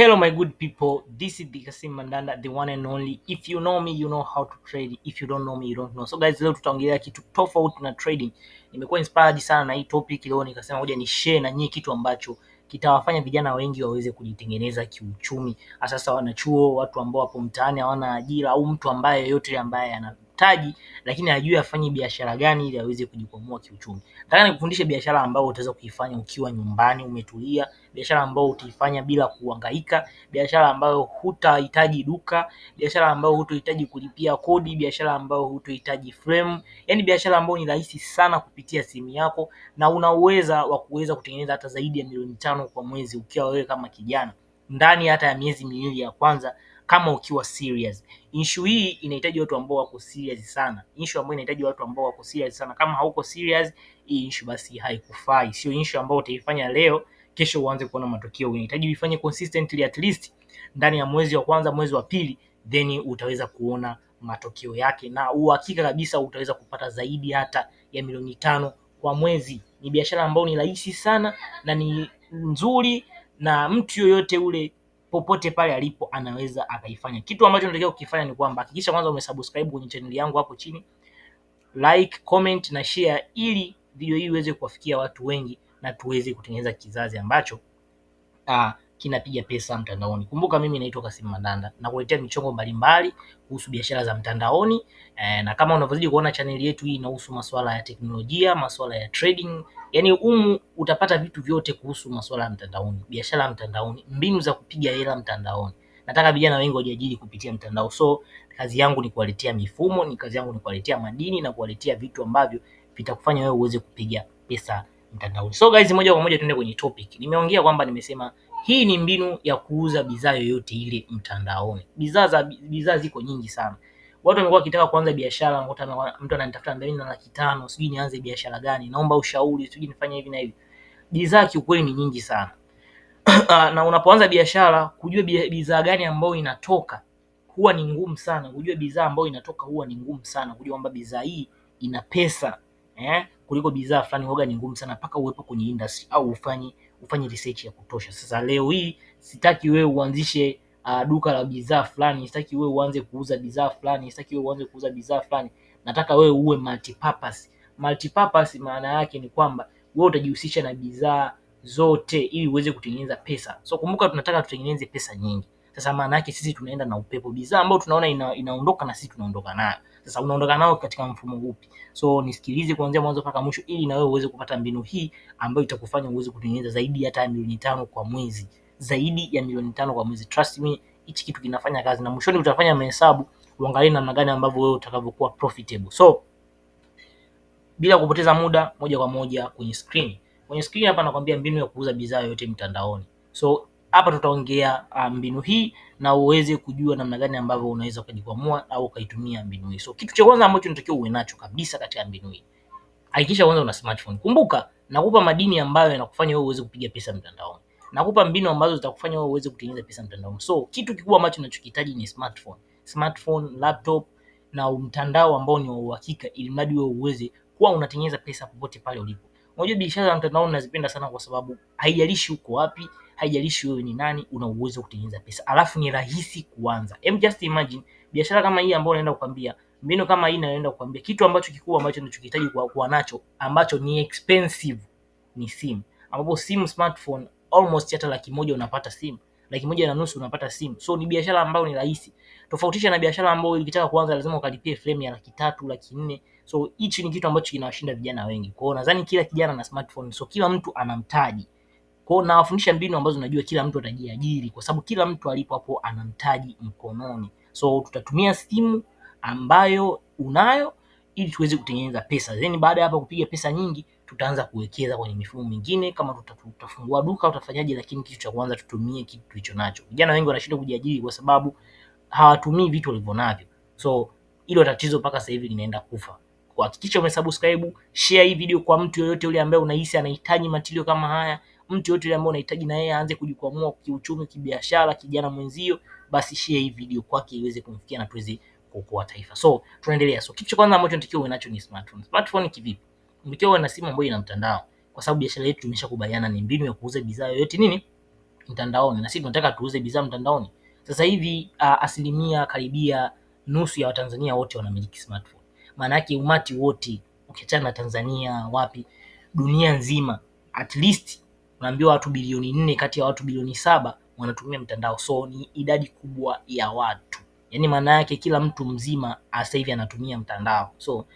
Hello, my good people. This is Dikasim Mandanda, the one and only. If you know me, you know how to trade. If you don't know me, you don't know. So guys, leo tutaongelea kitu tofauti na trading. Nimekuwa inspired sana na hii topic leo, nikasema ngoja ni share na nyie kitu ambacho kitawafanya vijana wengi waweze kujitengeneza kiuchumi, hasa sasa wanachuo, watu ambao wapo mtaani hawana ajira, au mtu ambaye yote ambaye ana mtaji lakini hajui afanye biashara gani ili aweze kujikwamua kiuchumi. Nataka nikufundishe biashara ambayo utaweza kuifanya ukiwa nyumbani umetulia, biashara ambayo utaifanya bila kuhangaika, biashara ambayo hutahitaji duka, biashara ambayo hutohitaji kulipia kodi, biashara ambayo hutohitaji frame, yaani biashara ambayo ni rahisi sana kupitia simu yako na una uweza wa kuweza kutengeneza hata zaidi ya milioni tano kwa mwezi ukiwa wewe kama kijana ndani hata ya miezi miwili ya kwanza kama ukiwa serious. Issue hii inahitaji watu ambao wako serious sana, issue ambayo inahitaji watu ambao wako serious sana. Kama hauko serious, hii issue basi haikufai, sio issue ambayo utaifanya leo kesho uanze kuona matokeo. unahitaji uifanye consistently at least ndani ya mwezi wa kwanza, mwezi wa pili, then utaweza kuona matokeo yake na uhakika kabisa utaweza kupata zaidi hata ya milioni tano kwa mwezi. Ni biashara ambayo ni rahisi sana na ni nzuri na mtu yoyote ule popote pale alipo anaweza akaifanya. Kitu ambacho unatakiwa kukifanya ni kwamba hakikisha kwanza umesubscribe kwenye channel yangu hapo chini, like, comment na share, ili video hii iweze kuwafikia watu wengi na tuweze kutengeneza kizazi ambacho aa, ah, kinapiga pesa mtandaoni. Kumbuka mimi naitwa Kasim Mandanda, nakuletea michongo mbalimbali kuhusu biashara za mtandaoni e, na kama unavyozidi kuona chaneli yetu hii inahusu masuala ya teknolojia, masuala ya trading, yani umu utapata vitu vyote kuhusu masuala ya mtandaoni, biashara ya mtandaoni, mbinu za kupiga hela mtandaoni. Nataka vijana wengi wajiajiri kupitia mtandao, so kazi yangu ni kuwaletea mifumo, ni kazi yangu ni kuwaletea madini na kuwaletea vitu ambavyo vitakufanya wewe uweze kupiga pesa mtandaoni. So guys, moja kwa moja tuende kwenye topic. Nimeongea kwamba nimesema hii ni mbinu ya kuuza bidhaa yoyote ile mtandaoni. Bidhaa za bidhaa ziko nyingi sana. Watu wamekuwa wakitaka kuanza biashara, unakuta mtu ananitafuta ananiambia na laki tano, sijui nianze biashara gani, naomba ushauri, sijui nifanye hivi na hivi. Bidhaa kiukweli ni nyingi sana. Ah, na unapoanza biashara, kujua bidhaa gani ambayo inatoka huwa ni ngumu sana. Kujua bidhaa ambayo inatoka huwa ni ngumu sana. Kujua kwamba bidhaa hii ina pesa eh, kuliko bidhaa fulani huwa ni ngumu sana mpaka uwepo kwenye industry au ufanye ufanye research ya kutosha. Sasa leo hii sitaki wewe uanzishe uh, duka la bidhaa fulani, sitaki wewe uanze kuuza bidhaa fulani, sitaki wewe uanze kuuza bidhaa fulani. Nataka wewe uwe multipurpose. Multipurpose maana yake ni kwamba wewe utajihusisha na bidhaa zote ili uweze kutengeneza pesa. So kumbuka, tunataka tutengeneze pesa nyingi. Sasa maana yake sisi tunaenda na upepo, bidhaa ambayo tunaona ina, inaondoka na sisi tunaondoka nayo. Sasa unaondoka nao katika mfumo upi? So nisikilize kuanzia mwanzo mpaka mwisho, ili na wewe uweze kupata mbinu hii ambayo itakufanya uweze kutengeneza zaidi hata milioni tano kwa mwezi, zaidi ya milioni tano kwa mwezi. Trust me, hichi kitu kinafanya kazi, na mwishoni utafanya mahesabu uangalie namna gani ambavyo wewe utakavyokuwa profitable. So bila kupoteza muda, moja kwa moja kwenye screen. Kwenye screen hapa nakwambia mbinu ya kuuza bidhaa yoyote mtandaoni. So hapa tutaongea ah, mbinu hii na uweze kujua namna gani ambavyo unaweza ukajikwamua au ukaitumia mbinu hii. So kitu cha kwanza ambacho unatakiwa uwe nacho kabisa katika mbinu hii, hakikisha kwanza una smartphone. Kumbuka nakupa madini ambayo yanakufanya wewe uweze kupiga pesa mtandaoni, nakupa mbinu ambazo zitakufanya wewe uweze kutengeneza pesa mtandaoni. So kitu kikubwa ambacho unachokihitaji ni smartphone, smartphone, laptop na mtandao ambao ni wa uhakika, ili mradi wewe uweze kuwa unatengeneza pesa popote pale ulipo. Unajua biashara za mtandaoni nazipenda sana kwa sababu haijalishi uko wapi haijalishi wewe ni nani, una uwezo wa kutengeneza pesa, alafu ni rahisi kuanza. Em, just imagine biashara kama hii ambayo naenda kukwambia, mbinu kama hii naenda kukwambia, kitu ambacho kikubwa ambacho ninachokihitaji kwa kuwa nacho ambacho ni expensive ni simu, ambapo simu smartphone almost hata laki moja unapata simu laki moja na nusu unapata simu. So ni biashara ambayo ni rahisi, tofautisha na biashara ambayo ukitaka kuanza lazima ukalipie frame ya laki tatu laki nne. So hichi ni kitu ambacho kinawashinda vijana wengi. kwao. nadhani kila kijana na smartphone, so kila mtu anamtaji mtaji. Kwa hiyo nawafundisha mbinu ambazo najua kila mtu atajiajiri, kwa sababu kila mtu alipo hapo ana mtaji mkononi. So tutatumia simu ambayo unayo ili tuweze kutengeneza pesa, then baada ya hapa kupiga pesa nyingi tutaanza kuwekeza kwenye mifumo mingine, kama tutafungua duka utafanyaje lakini kitu cha kwanza tutumie kitu tulicho nacho. Vijana wengi wanashindwa kujiajiri kwa sababu hawatumii vitu navyo so hilo tatizo mpaka sasa hivi linaenda kufa. Hakikisha umesubscribe, share hii video kwa mtu yoyote yule ambaye unahisi anahitaji matilio kama haya mtu yote yule ambaye unahitaji na yeye aanze kujikwamua kiuchumi, kibiashara, kijana mwenzio, basi share hii video kwake iweze kumfikia na tuweze kuokoa taifa. So tunaendelea. So kitu cha kwanza ambacho nitakiwa uwe nacho ni smartphone. Smartphone kivipi? Unatakiwa uwe na simu ambayo ina mtandao, kwa sababu biashara yetu tumeshakubaliana ni mbinu ya kuuza bidhaa yoyote nini mtandaoni, na sisi tunataka tuuze bidhaa mtandaoni. Sasa hivi uh, asilimia karibia nusu ya Watanzania wote wanamiliki smartphone. Maana yake umati wote ukiachana na Tanzania wapi, dunia nzima at least unaambiwa watu bilioni nne kati ya watu bilioni saba wanatumia mtandao, so ni idadi kubwa ya watu, yaani maana yake kila mtu mzima sasa hivi anatumia mtandao. So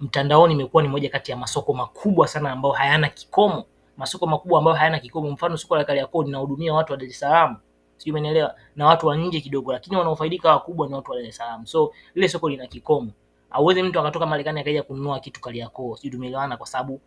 mtandaoni imekuwa ni moja kati ya masoko makubwa sana ambayo hayana kikomo, masoko makubwa ambayo hayana kikomo. Mfano soko la Kariakoo linahudumia watu wa Dar es Salaam, sio umeelewa, na watu wa nje kidogo, lakini wanaofaidika wakubwa ni watu wa Dar es Salaam. So lile soko lina kikomo, hauwezi mtu akatoka Marekani akaja kununua kitu Kariakoo, sio tumeelewana, kwa sababu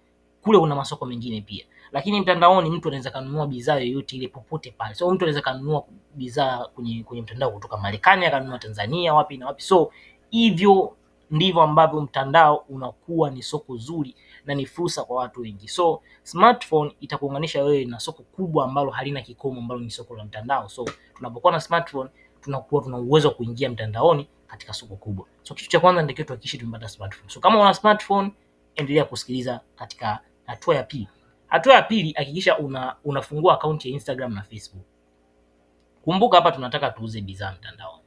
kule kuna masoko mengine pia, lakini mtandaoni mtu anaweza kununua bidhaa yoyote ile popote pale. So mtu anaweza kununua bidhaa kwenye, kwenye mtandao kutoka Marekani akanunua Tanzania wapi na wapi. So hivyo ndivyo ambavyo mtandao unakuwa ni soko zuri na ni fursa kwa watu wengi. So smartphone itakuunganisha wewe na soko kubwa ambalo halina kikomo ambalo ni soko la mtandao. So tunapokuwa na smartphone tunakuwa tuna uwezo wa kuingia mtandaoni katika soko kubwa. So kitu cha kwanza ndio tuhakikishe tumepata smartphone. So kama una smartphone endelea kusikiliza katika Hatua ya pili, hatua ya pili hakikisha una, unafungua akaunti ya Instagram na Facebook. Kumbuka hapa tunataka tuuze bidhaa mtandaoni.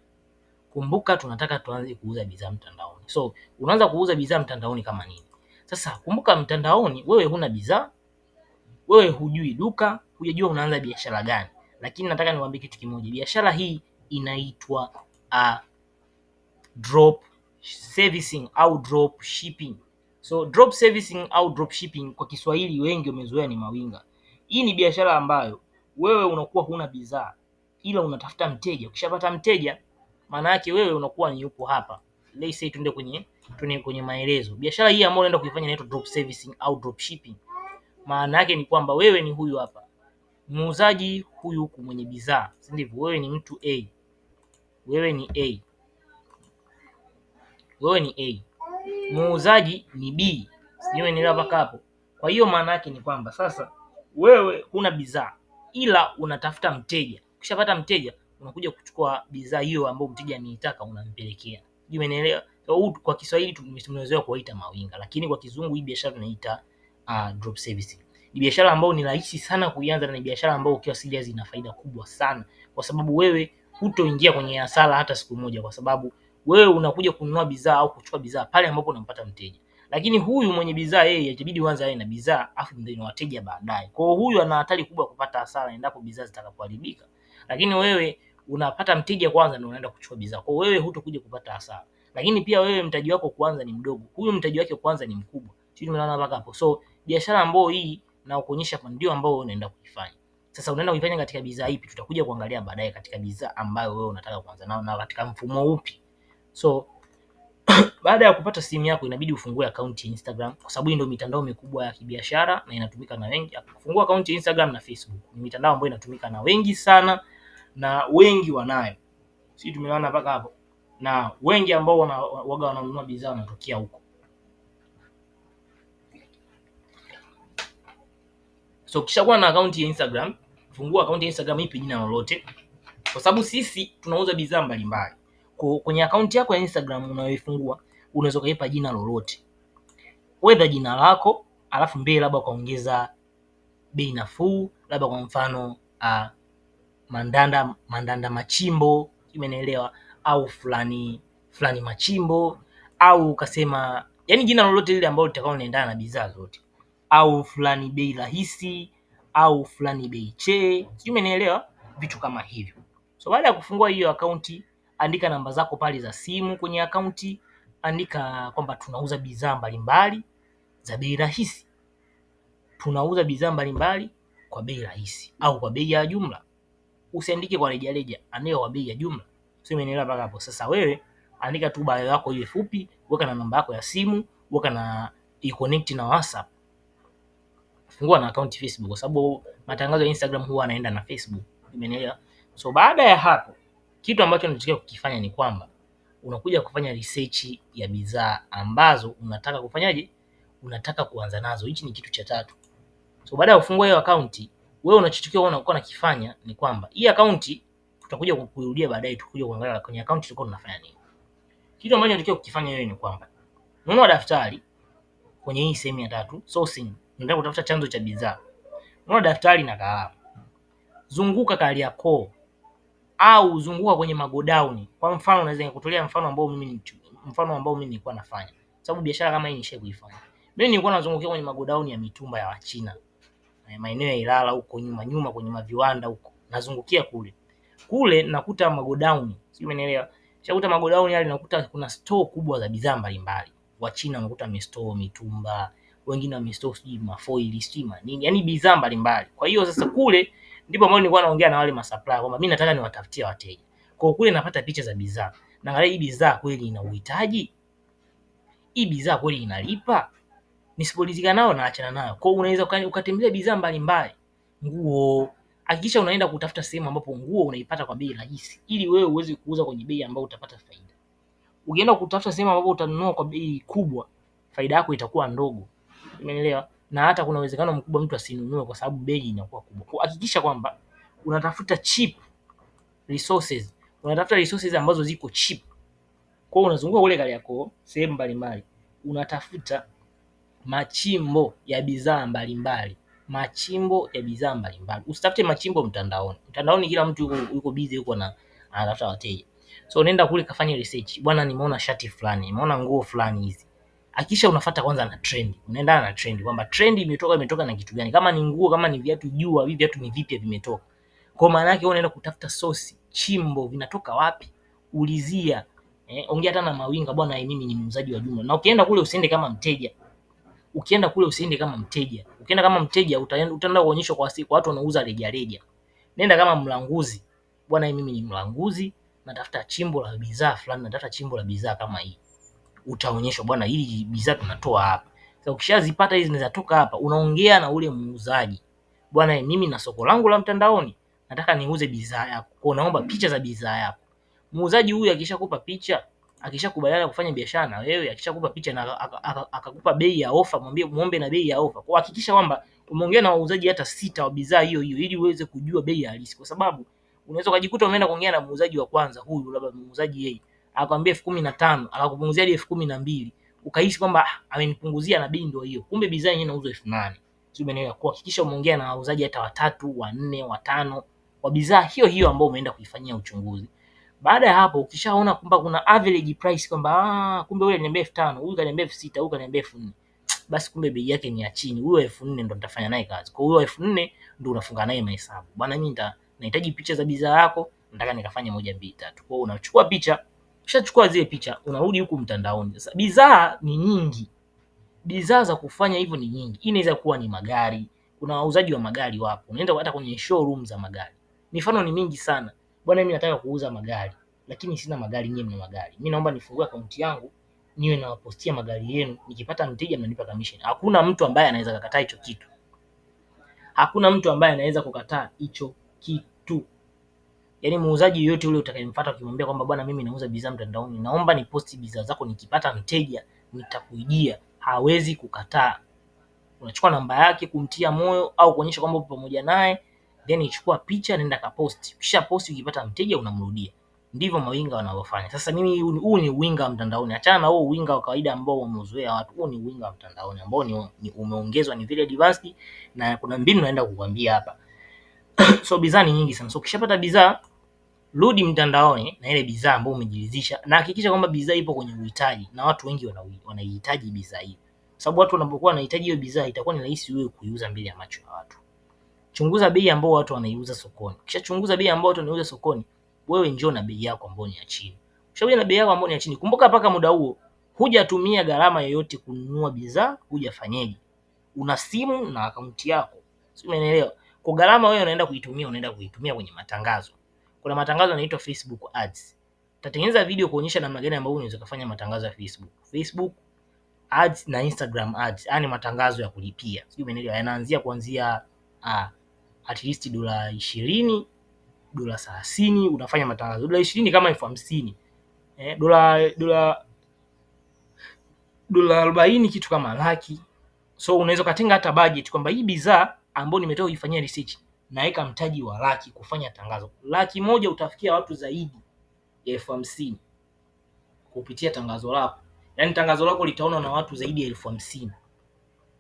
Kumbuka tunataka tuanze kuuza bidhaa mtandaoni. So unaanza kuuza bidhaa mtandaoni kama nini? Sasa kumbuka, mtandaoni wewe huna bidhaa, wewe hujui duka, hujajua unaanza biashara gani. Lakini nataka niwaambie kitu kimoja, biashara hii inaitwa uh, drop servicing au drop shipping. So drop servicing au drop shipping kwa Kiswahili wengi wamezoea ni mawinga. Hii ni biashara ambayo wewe unakuwa huna bidhaa ila unatafuta mteja. Ukishapata mteja, maana yake wewe unakuwa ni yupo hapa. Let's say tuende kwenye tuende kwenye maelezo. Biashara hii ambayo unaenda kuifanya inaitwa drop servicing au drop shipping. Maana yake ni kwamba wewe ni huyu hapa muuzaji huyu huku mwenye bidhaa, si ndivyo? Wewe ni mtu A, wewe ni A, wewe ni A muuzaji ni B. Sijui umenielewa mpaka hapo. Kwa hiyo maana yake ni kwamba sasa wewe huna bidhaa ila unatafuta mteja. Ukishapata mteja unakuja kuchukua bidhaa hiyo ambayo mteja ameitaka unampelekea. Sijui umenielewa? kwa Kiswahili tumezoea kuwaita mawinga, lakini kwa Kizungu hii biashara tunaita uh, drop servicing. Ni biashara ambayo ni rahisi sana kuianza na ni biashara ambayo ukiwa serious ina faida kubwa sana, kwa sababu wewe hutoingia kwenye hasara hata siku moja, kwa sababu wewe unakuja kununua bidhaa au kuchukua bidhaa pale ambapo unampata mteja, lakini huyu mwenye bidhaa yeye itabidi kwanza awe na bidhaa afu ndio na wateja baadaye. Kwa hiyo huyu ana hatari kubwa kupata hasara endapo bidhaa zitakapoharibika, lakini wewe unapata mteja kwanza ndio unaenda kuchukua bidhaa, kwa hiyo wewe hutokuja kupata hasara. Lakini pia wewe mtaji wako kwanza ni mdogo, huyu mtaji wake kwanza ni mkubwa. Sio tumeona mpaka hapo, so biashara ambayo hii na kuonyesha hapa ndio ambayo wewe unaenda kuifanya. Sasa unaenda kuifanya katika bidhaa ipi? Tutakuja kuangalia baadaye katika bidhaa ambayo wewe unataka kuanza nayo na katika mfumo upi. So baada ya kupata simu yako inabidi ufungue akaunti ya Instagram kwa sababu hii ndio mitandao mikubwa ya kibiashara na inatumika na wengi. Kufungua akaunti ya Instagram na Facebook ni mitandao ambayo inatumika na wengi sana na wengi wanayo. Sisi tumeona mpaka hapo. Na wengi ambao wana, waga wananunua bidhaa wanatokea huko. So kisha kuwa na akaunti ya Instagram, fungua akaunti ya Instagram ipi jina lolote, kwa sababu sisi tunauza bidhaa mbalimbali kwenye akaunti yako ya Instagram unayoifungua unaweza ukaipa jina lolote, wedha jina lako alafu mbele labda ukaongeza bei nafuu, labda kwa mfano uh, Mandanda Mandanda Machimbo, umenielewa? Au fulani fulani Machimbo, au ukasema yani jina lolote lile ambalo litakao linaendana na bidhaa zote, au fulani bei rahisi, au fulani bei che, sijui umenielewa, vitu kama hivyo. So baada ya kufungua hiyo akaunti andika namba zako pale za simu kwenye akaunti, andika kwamba tunauza bidhaa mbalimbali za bei rahisi, tunauza bidhaa mbalimbali kwa bei rahisi au kwa bei ya jumla. Usiandike kwa rejareja, andika kwa bei ya jumla. Sio, umeelewa mpaka hapo? Sasa wewe andika tu bio yako iwe fupi, weka na namba yako ya simu, weka na i-connect na WhatsApp, fungua na account Facebook, kwa sababu matangazo ya Instagram huwa anaenda na Facebook. Umeelewa? So baada ya hapo kitu ambacho unachotakiwa kukifanya ni kwamba unakuja kufanya research ya bidhaa ambazo unataka kufanyaje, unataka kuanza nazo. Hichi ni kitu cha tatu. So baada ya kufungua hiyo account, wewe unachotakiwa uone uko nakifanya ni kwamba hii account tutakuja kukurudia baadaye, tutakuja kuangalia kwenye account tulikuwa tunafanya nini. Kitu ambacho unatakiwa kukifanya wewe ni kwamba ununua daftari kwenye hii sehemu ya tatu sourcing, unataka kutafuta chanzo cha bidhaa. Ununua daftari na kalamu, zunguka Kariakoo au huzunguka kwenye magodauni. Kwa mfano naweza nikutolea mfano ambao mimi ni mfano ambao mimi nilikuwa nafanya. Sababu biashara kama hii nishawahi kuifanya. Mimi nilikuwa nazungukia kwenye magodauni ya mitumba ya Wachina. Eh, maeneo ya Ilala huko nyuma nyuma kwenye maviwanda huko. Nazungukia kule. Kule nakuta magodauni. Sio umeelewa? Nishakuta magodauni yale nakuta kuna store kubwa za bidhaa mbalimbali. Wachina unakuta wamestore mitumba, wengine wamestore sijui mafoili, sijui manini. Yaani bidhaa mbalimbali. Kwa hiyo sasa kule ndipo ambao nilikuwa naongea na wale supplier kwamba mimi nataka niwatafutie wateja. Kwa kule napata picha za bidhaa. Naangalia hii bidhaa kweli ina uhitaji? Hii bidhaa kweli inalipa? Nisipolizika nao naachana nayo. Kwa unaweza ukatembelea bidhaa mbalimbali. Nguo, hakikisha unaenda kutafuta sehemu ambapo nguo unaipata kwa bei rahisi ili wewe uweze kuuza kwenye bei ambayo utapata faida. Ukienda kutafuta sehemu ambapo utanunua kwa bei kubwa, faida yako itakuwa ndogo. Umeelewa? na hata kuna uwezekano mkubwa mtu asinunue kwa sababu bei inakuwa kubwa. kuhakikisha kwamba unatafuta cheap resources, unatafuta resources ambazo ziko cheap. Kwa unazunguka kule Kariakoo sehemu mbalimbali, unatafuta machimbo ya bidhaa mbalimbali, machimbo ya bidhaa mbalimbali. Usitafute machimbo mtandaoni. Mtandaoni kila mtu yuko, yuko busy yuko na anatafuta wateja. So nenda kule kafanya research. Bwana, nimeona shati fulani, nimeona nguo fulani hizi hakisha unafuata kwanza na trend, unaendana na trend kwamba trend imetoka imetoka na kitu gani, kama ni nguo, kama ni viatu, jua hivi viatu ni vipya vimetoka. Kwa maana yake unaenda kutafuta source, chimbo vinatoka wapi, ulizia eh, ongea hata na mawinga bwana, eh, mimi ni muuzaji wa jumla. Na ukienda kule usiende kama mteja, ukienda kule usiende kama mteja. Ukienda kama mteja utaenda kuonyeshwa kwa siku watu wanauza rejareja. Nenda kama mlanguzi, bwana, eh, mimi ni mlanguzi, natafuta chimbo la bidhaa fulani, natafuta chimbo la bidhaa kama hii utaonyeshwa bwana, hili bidhaa tunatoa hapa. Sasa ukishazipata hizi zinatoka hapa, unaongea na ule muuzaji, bwana, mimi na soko langu la mtandaoni nataka niuze bidhaa yako, kwa naomba picha za bidhaa yako. Muuzaji huyu akishakupa picha, akishakubaliana kufanya biashara na wewe, akishakupa picha na akakupa bei ya ofa, mwambie muombe na bei ya ofa, kwa hakikisha kwamba umeongea na wauzaji hata sita wa bidhaa hiyo hiyo, ili uweze kujua bei halisi, kwa sababu unaweza ukajikuta umeenda kuongea na muuzaji wa kwanza huyu, labda muuzaji yeye akakwambia elfu kumi na tano akakupunguzia hadi elfu kumi na mbili ukahisi kwamba ah, amenipunguzia na bei ndio hiyo, kumbe bidhaa yenyewe inauzwa elfu nane Sio umeelewa? Kwa hakikisha umeongea na wauzaji hata watatu, wanne, watano wa bidhaa hiyo hiyo ambayo umeenda kuifanyia uchunguzi. Baada ya hapo ukishaona kwamba kuna average price kwamba ah, kumbe yule aliniambia elfu tano huyu kaniambia elfu sita huyu kaniambia elfu nne basi kumbe bei yake ni ya chini, huyo elfu nne ndo nitafanya naye kazi. Kwa hiyo elfu nne ndo unafunga naye mahesabu, bwana, mimi nahitaji picha za bidhaa yako, nataka nikafanya moja mbili tatu. Kwa hiyo unachukua picha Ukishachukua zile picha unarudi huku mtandaoni. Sasa bidhaa ni nyingi, bidhaa za kufanya hivyo ni nyingi. inaweza kuwa ni magari, kuna wauzaji wa magari wapo, unaenda hata kwenye showroom za magari. Mifano ni mingi sana. Bwana, mimi nataka kuuza magari lakini sina magari, nyinyi mna magari, mimi naomba nifungue akaunti yangu niwe nawapostia magari yenu, nikipata mteja mnanipa commission. Hakuna mtu ambaye anaweza kukataa hicho kitu, hakuna mtu ambaye anaweza kukataa hicho kitu yani muuzaji yoyote ule utakayemfuata ukimwambia kwamba bwana, mimi nauza bidhaa mtandaoni, naomba ni posti bidhaa zako, nikipata mteja nitakujia, hawezi kukataa. Unachukua namba yake kumtia moyo au kuonyesha kwamba upo pamoja naye, then ichukua picha, nenda kaposti. Ukisha posti, ukipata mteja unamrudia. Ndivyo mawinga wanavyofanya. Sasa mimi huu ni uwinga wa mtandaoni, achana na huu uwinga wa kawaida ambao wameuzoea watu. Huu ni uwinga wa mtandaoni ambao ni, ni umeongezwa ni vile advanced, na kuna mbinu naenda kukuambia hapa so bidhaa ni nyingi sana, so ukishapata bidhaa rudi mtandaoni na ile bidhaa ambayo umejiridhisha, na hakikisha kwamba bidhaa ipo kwenye uhitaji, na watu wengi wanaihitaji bidhaa hiyo, sababu watu wanapokuwa wanahitaji hiyo bidhaa itakuwa ni rahisi wewe kuiuza mbele ya macho ya watu. Chunguza bei ambayo watu wanaiuza sokoni, kisha chunguza bei ambayo watu wanaiuza sokoni, wewe njoo na bei yako ambayo ni ya chini. Ushauri na bei yako ambayo ni ya chini, kumbuka mpaka muda huo hujatumia gharama yoyote kununua bidhaa, hujafanyaje? una simu na akaunti yako, sio? Umeelewa? Kwa gharama wewe unaenda kuitumia, unaenda kuitumia kwenye matangazo kuna matangazo yanaitwa Facebook ads. Tatengeneza video kuonyesha namna gani ambavyo unaweza kufanya matangazo ya Facebook. Facebook ads na Instagram ads, yani matangazo ya kulipia. Sijui umeelewa, yanaanzia kuanzia uh, at least dola 20, dola 30 unafanya matangazo. Dola 20 kama elfu hamsini. Eh, dola dola dola 40 kitu kama laki. So unaweza ukatenga hata budget kwamba hii bidhaa ambayo nimetoka kuifanyia research naweka mtaji wa laki kufanya tangazo. Laki moja utafikia watu zaidi ya elfu hamsini kupitia tangazo lako, yaani tangazo lako litaona na watu zaidi ya elfu hamsini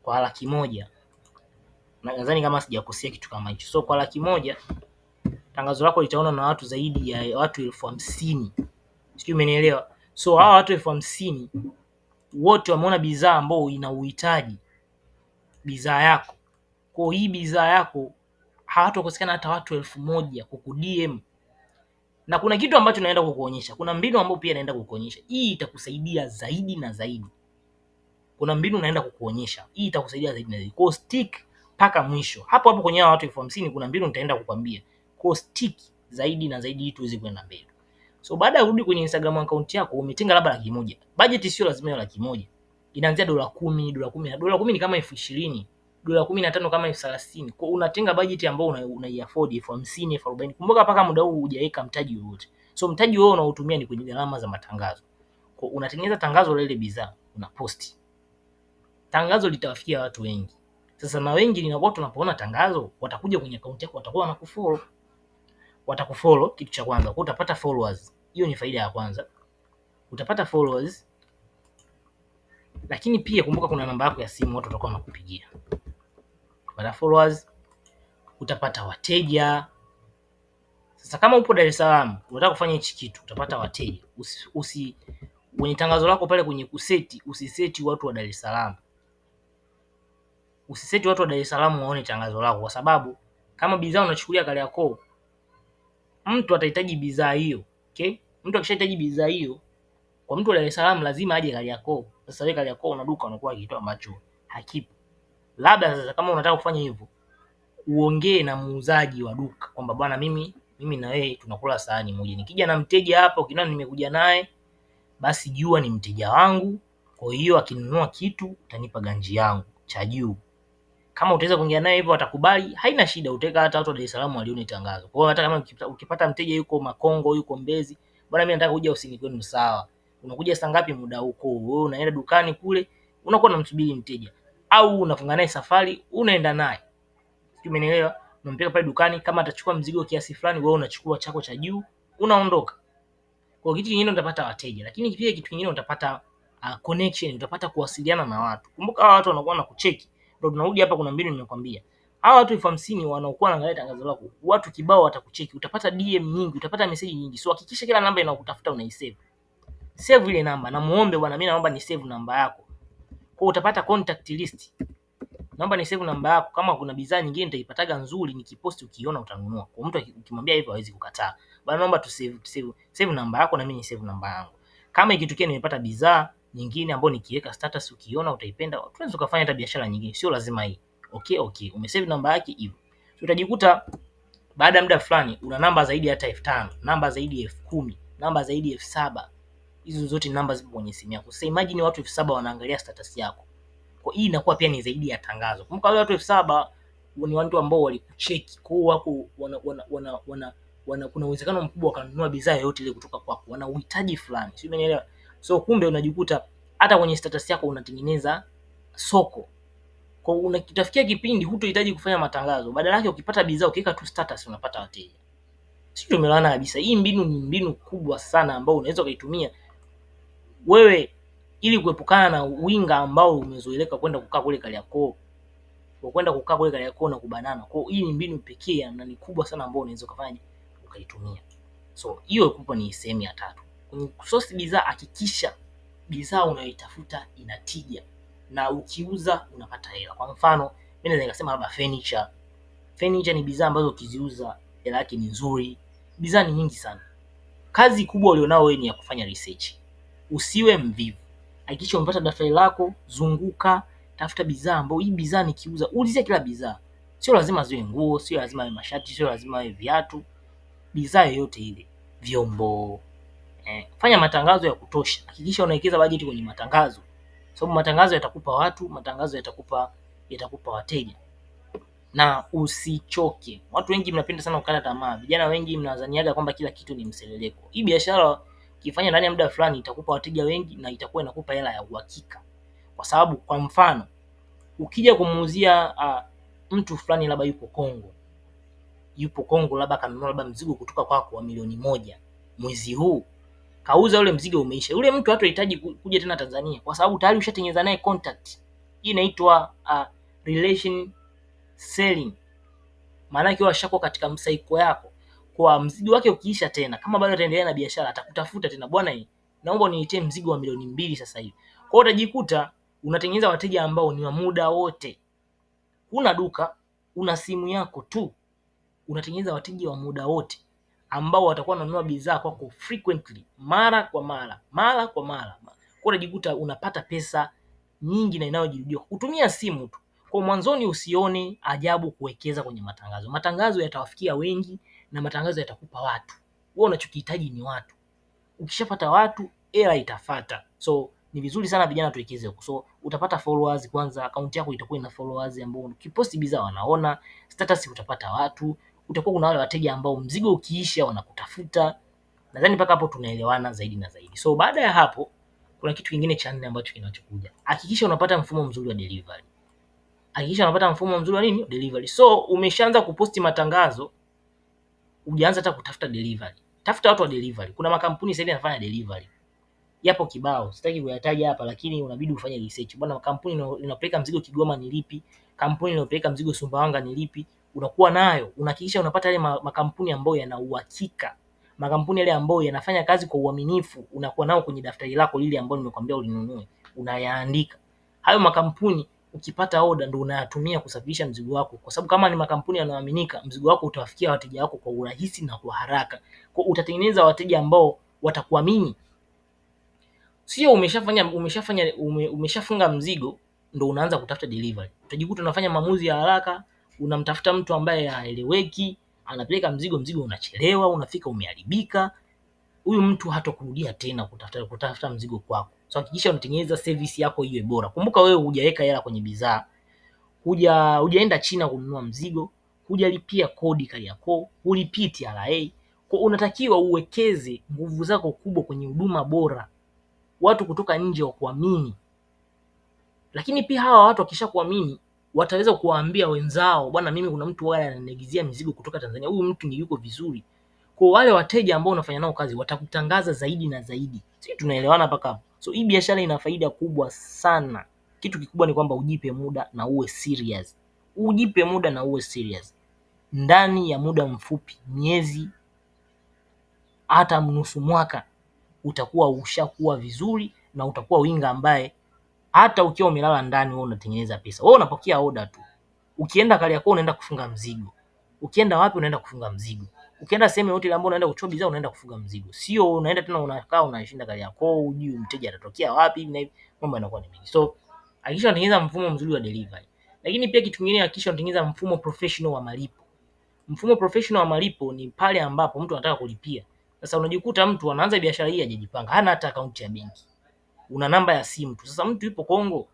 kwa laki moja. Nadhani kama sijakosea kitu kama hicho. So kwa laki moja tangazo lako litaona na watu zaidi ya watu elfu hamsini sijui umenielewa? So hawa watu elfu hamsini wote wameona bidhaa ambayo ina uhitaji bidhaa yako. Kwa hii bidhaa yako hawatokosekana hata watu elfu moja kukudm na kuna kitu ambacho naenda kukuonyesha. Kuna mbinu ambayo pia naenda kukuonyesha, hii itakusaidia zaidi na zaidi. Kuna mbinu naenda kukuonyesha, hii itakusaidia zaidi na zaidi. Kwa stick paka mwisho, hapo hapo kwenye watu elfu hamsini kuna mbinu nitaenda kukwambia. Kwa stick zaidi na zaidi, ili tuweze kwenda mbele. So baada ya kurudi kwenye Instagram account yako, umetenga labda laki moja. Budget sio lazima iwe laki moja, inaanzia dola kumi, dola kumi, dola kumi ni kama elfu ishirini dola kumi na tano kama elfu thelathini kwa unatenga bajeti ambayo unaiafodi elfu hamsini elfu arobaini Kumbuka mpaka muda huu hujaweka mtaji wowote, so mtaji wewe unaotumia ni kwenye gharama za matangazo. Kwa unatengeneza tangazo la ile bidhaa, post tangazo, litawafikia watu wengi. Sasa na wengi ni watu wanapoona tangazo watakuja kwenye akaunti yako, watakuwa wanakufollow, watakufollow kitu cha kwanza, kwa utapata followers. Hiyo ni faida ya kwanza, utapata followers, lakini pia kumbuka kuna namba yako ya simu watu watakuwa wanakupigia utapata followers, utapata wateja. Sasa kama upo Dar es Salaam unataka kufanya hichi kitu, utapata wateja. Usi, usi kwenye tangazo lako pale kwenye kuseti, usiseti watu wa Dar es Salaam, usiseti watu wa Dar es Salaam waone tangazo lako, kwa sababu kama bidhaa unachukulia Kariakoo, mtu atahitaji bidhaa hiyo okay? Mtu akishahitaji bidhaa hiyo kwa mtu wa Dar es Salaam lazima aje Kariakoo. Sasa wewe Kariakoo una duka unakuwa kitu ambacho hakipo labda sasa kama unataka kufanya hivyo uongee na muuzaji wa duka kwamba bwana, mimi mimi na wewe tunakula sahani moja, nikija na mteja hapa ukiniona nimekuja naye basi jua ni mteja wangu, kwa hiyo akinunua kitu utanipa ganji yangu cha juu. Kama utaweza kuongea naye hivyo atakubali, haina shida, uteka hata watu wa Dar es Salaam walione tangazo. Kwa hiyo hata kama ukipata mteja yuko Makongo, yuko Mbezi, bwana, mimi nataka kuja usini kwenu, sawa, unakuja saa ngapi? Muda huko wewe unaenda dukani kule, unakuwa unamsubiri mteja au unafunga naye safari, unaenda naye, umeelewa Unampeleka pale dukani, kama atachukua mzigo kiasi fulani, wewe unachukua chako cha juu, unaondoka. Kwa kitu kingine utapata wateja, lakini pia kitu kingine utapata uh, connection, utapata kuwasiliana na watu. Kumbuka hawa watu wanakuwa na kucheki, ndio tunarudi hapa. Kuna mbinu nimekwambia hawa watu elfu hamsini wanaokuwa wanaangalia tangazo lako, watu kibao watakucheki, utapata DM nyingi, utapata message nyingi. So hakikisha kila namba inakutafuta unaisave. Save ile namba na muombe, bwana, mimi naomba ni save namba yako, kwa utapata contact list. Naomba ni save namba yako, kama kuna bidhaa nyingine nitaipataga nzuri nikiposti, ukiona utanunua. Kwa mtu ukimwambia hivyo hawezi kukataa. Bana, naomba tu save save save namba yako na mimi ni save namba yangu. Kama ikitokea nimepata bidhaa nyingine ambayo nikiweka status ukiona utaipenda, tunaweza kufanya hata biashara nyingine, sio lazima hii. Okay, okay, umesave namba yake hivyo. Utajikuta baada ya muda fulani una namba zaidi hata elfu tano, namba zaidi ya elfu kumi, namba zaidi ya elfu saba hizo zote namba zipo kwenye simu yako. Sasa imagine watu elfu saba wanaangalia status yako, kwa hiyo inakuwa pia ni zaidi ya tangazo. Kumbuka wale watu elfu saba ni watu ambao walikucheki, kwa wako wana, wana, wana, wana, wana, kuna uwezekano mkubwa wakanunua bidhaa yoyote ile kutoka kwako, wana uhitaji fulani, sio? Umeelewa? So kumbe unajikuta hata kwenye status yako unatengeneza soko kwa unakitafikia kipindi hutohitaji kufanya matangazo, badala yake ukipata bidhaa ukiweka tu status unapata wateja. Sio, tumeelewana kabisa. Hii mbinu ni mbinu kubwa sana ambayo unaweza ukaitumia wewe ili kuepukana na winga ambao umezoeleka kwenda kukaa kule Kariakoo kwa kwenda kukaa kule Kariakoo na kubanana. Kwa hiyo hii ni mbinu pekee na ni kubwa sana ambayo unaweza kufanya ukaitumia. So hiyo kupa ni sehemu ya tatu. Kwenye kusource bidhaa, hakikisha bidhaa unayoitafuta ina tija na ukiuza unapata hela. Kwa mfano, mimi naweza nikasema labda furniture. Furniture ni bidhaa ambazo ukiziuza hela yake ni nzuri. Bidhaa ni nyingi sana. Kazi kubwa ulionao wewe ni ya kufanya research usiwe mvivu. Hakikisha umepata daftari lako, zunguka, tafuta bidhaa ambayo hii bidhaa nikiuza, ulizia kila bidhaa. Sio lazima ziwe nguo, sio lazima iwe mashati, sio lazima iwe viatu, bidhaa yoyote ile, vyombo. Eh, fanya matangazo ya kutosha. Hakikisha unawekeza bajeti kwenye matangazo, sababu matangazo yatakupa watu, matangazo yatakupa yatakupa wateja na usichoke. Watu wengi mnapenda sana kukata tamaa. Vijana wengi mnadhaniaga kwamba kila kitu ni mseleleko. Hii biashara ukifanya ndani ya muda fulani itakupa wateja wengi na itakuwa inakupa hela ya uhakika, kwa sababu kwa mfano ukija kumuuzia uh, mtu fulani labda yupo Kongo, yupo Kongo labda kanunua labda mzigo kutoka kwako wa milioni moja mwezi huu, kauza ule mzigo umeisha, yule mtu hatohitaji kuja tena Tanzania kwa sababu tayari ushatengeneza naye contact. Hii inaitwa uh, relation selling, maana yake washakuwa katika msaiko yako kwa mzigo wake ukiisha tena, kama bado ataendelea na biashara, atakutafuta tena, bwana, hii naomba uniletee mzigo wa milioni mbili sasa hivi. Kwa hiyo utajikuta unatengeneza wateja ambao ni wa muda wote. Una duka, una simu yako tu, unatengeneza wateja wa muda wote ambao watakuwa wananunua bidhaa kwako frequently, mara kwa mara, mara kwa mara. Kwa unajikuta unapata pesa nyingi na inayojirudia kutumia simu tu. Kwa mwanzoni, usione ajabu kuwekeza kwenye matangazo. Matangazo yatawafikia wengi na matangazo yatakupa watu. Wewe unachokihitaji ni watu. Ukishapata watu, era itafata. So ni vizuri sana vijana tuwekeze huko. So utapata followers kwanza, akaunti yako itakuwa ina followers ambao ukiposti bidhaa wanaona, status utapata watu, utakuwa kuna wale wateja ambao mzigo ukiisha wanakutafuta. Nadhani mpaka hapo tunaelewana zaidi na zaidi. So baada ya hapo kuna kitu kingine cha nne ambacho kinachokuja. Hakikisha unapata mfumo mzuri wa delivery. Hakikisha unapata mfumo mzuri wa nini? Delivery. So umeshaanza kuposti matangazo ujaanza hata kutafuta delivery. Tafuta watu wa delivery. Kuna makampuni sasa hivi yanafanya delivery. Yapo kibao, sitaki kuyataja hapa lakini unabidi ufanye research. Bwana, kampuni linapeleka mzigo Kigoma ni lipi? Kampuni linapeleka mzigo Sumbawanga ni lipi? Unakuwa nayo, unahakikisha unapata yale makampuni ambayo yana uhakika. Makampuni yale ambayo yanafanya kazi kwa uaminifu, unakuwa nao kwenye daftari lako lile ambalo nimekuambia ulinunue, unayaandika. Hayo makampuni ukipata oda ndo unayatumia kusafirisha mzigo wako, kwa sababu kama ni makampuni yanayoaminika, mzigo wako utawafikia wateja wako kwa urahisi na kwa haraka. Kwa utatengeneza wateja ambao watakuamini, sio umeshafanya umeshafanya ume, umeshafunga mzigo ndo unaanza kutafuta delivery. Utajikuta unafanya maamuzi ya haraka, unamtafuta mtu ambaye haeleweki, anapeleka mzigo, mzigo unachelewa, unafika umeharibika huyu mtu hatakurudia tena kutafuta kutafuta mzigo kwako. So hakikisha unatengeneza service yako iwe bora. Kumbuka wewe hujaweka hela kwenye bidhaa, huja hujaenda China kununua mzigo, hujalipia kodi Kariakoo, hulipii TRA. Kwa unatakiwa uwekeze nguvu zako kubwa kwenye huduma bora, watu kutoka nje wakuamini. Lakini pia hawa watu wakisha kuamini wataweza kuwaambia wenzao, bwana, mimi kuna mtu wala ananiagizia mizigo kutoka Tanzania, huyu mtu ni yuko vizuri. Kwa wale wateja ambao unafanya nao kazi watakutangaza zaidi na zaidi. Sisi tunaelewana mpaka hapo. So hii biashara ina faida kubwa sana. Kitu kikubwa ni kwamba ujipe muda na uwe serious. Ujipe muda na uwe serious. Ndani ya muda mfupi, miezi hata nusu mwaka utakuwa ushakuwa vizuri na utakuwa winga ambaye hata ukiwa umelala ndani wewe unatengeneza pesa. Wewe unapokea oda tu. Ukienda Kariakoo unaenda kufunga mzigo. Ukienda wapi unaenda kufunga mzigo ukienda sehemu yote ambayo unaenda kuchukua bidhaa unaenda kufuga mzigo, sio unaenda tena unakaa unashinda gari yako, hujui mteja atatokea wapi na hivi, mambo yanakuwa ni mengi. So hakikisha unatengeneza mfumo mzuri wa delivery, lakini pia kitu kingine, hakikisha unatengeneza mfumo professional wa malipo. Mfumo professional wa malipo ni pale ambapo mtu anataka kulipia. Sasa unajikuta mtu anaanza biashara hii hajajipanga, hana hata akaunti ya benki, una namba ya simu tu. Sasa mtu yupo Kongo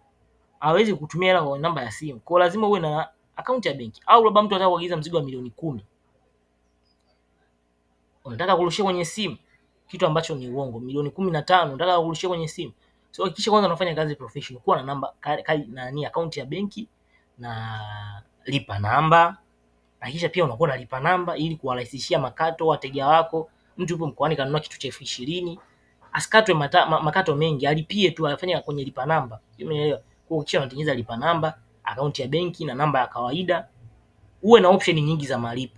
hawezi kutumia hela kwa namba ya simu, kwa lazima uwe na akaunti ya benki, au labda mtu anataka kuagiza mzigo wa milioni kumi unataka kurushia kwenye simu kitu ambacho ni uongo, milioni kumi na tano unataka kurushia kwenye simu. So hakikisha kwanza unafanya kazi professional, kuwa na namba na ni account ya benki na lipa namba. Hakikisha pia unakuwa na lipa namba ili kuwarahisishia makato wateja wako. Mtu yupo mkoani kanunua kitu cha elfu ishirini asikatwe makato mengi, alipie tu, afanye kwenye lipa namba. Umeelewa? Kwa hiyo unatengeneza lipa namba, akaunti ya benki na namba ya kawaida, uwe na option nyingi za malipo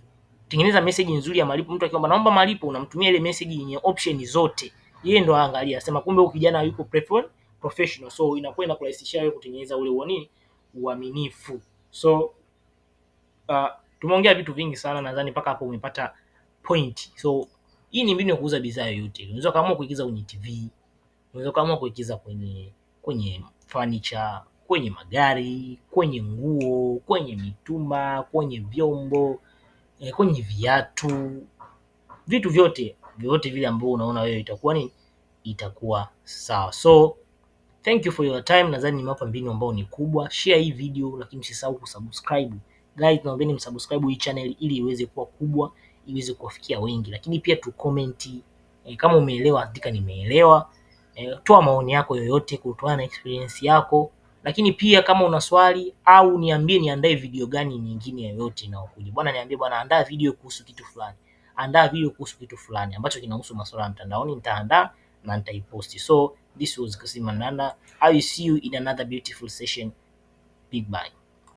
tengeneza message nzuri ya malipo. Mtu akiomba naomba malipo, unamtumia ile message yenye option zote, yeye ndo aangalia, sema kumbe huyu kijana yuko platform professional, so inakuwa inakurahisishia wewe kutengeneza ule uoni uaminifu. So uh, tumeongea vitu vingi sana, nadhani mpaka hapo umepata point. So hii ni mbinu ya kuuza bidhaa yoyote. Unaweza kaamua kuigiza kwenye TV, unaweza kaamua kuigiza kwenye kwenye furniture, kwenye magari, kwenye nguo, kwenye mitumba, kwenye vyombo eh, kwenye viatu, vitu vyote vyote vile ambavyo unaona wewe itakuwa nini, itakuwa sawa. So thank you for your time. Nadhani nimewapa mbinu ambao ni kubwa. Share hii video, lakini msisahau kusubscribe. Guys, naombeni msubscribe hii channel ili iweze kuwa kubwa, iweze kuwafikia wengi, lakini pia tu comment eh, kama umeelewa andika nimeelewa. Eh, toa maoni yako yoyote kutoa na experience yako lakini pia kama una swali au niambie niandae video gani nyingine yoyote inayokuja. Bwana niambie bwana, andaa video kuhusu kitu fulani, andaa video kuhusu kitu fulani ambacho kinahusu masuala ya mtandaoni, nitaandaa na nitaiposti. So this was Kassim Mandanda. I will see you in another beautiful session. Big bye.